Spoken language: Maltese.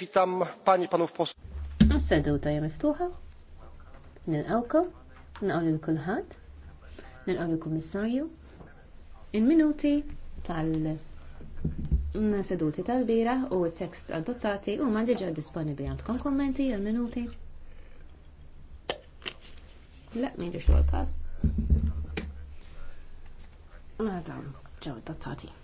Witam pani panów posłów. Seduta hija miftuħa. Nilqawkom, nilqaw lil kulħadd, nilqaw lill-Kummissarju. in minuti tal- seduti tal-bira u t-tekst adottati u ma diġa disponibli għandkom kommenti għal minuti. La, mi ġiġu għal-kas. Għadam, ġaw adottati.